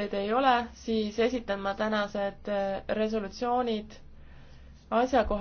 vastuväiteid ei ole, siis esitan ma tänased äh, resolutsioonid asjakohasele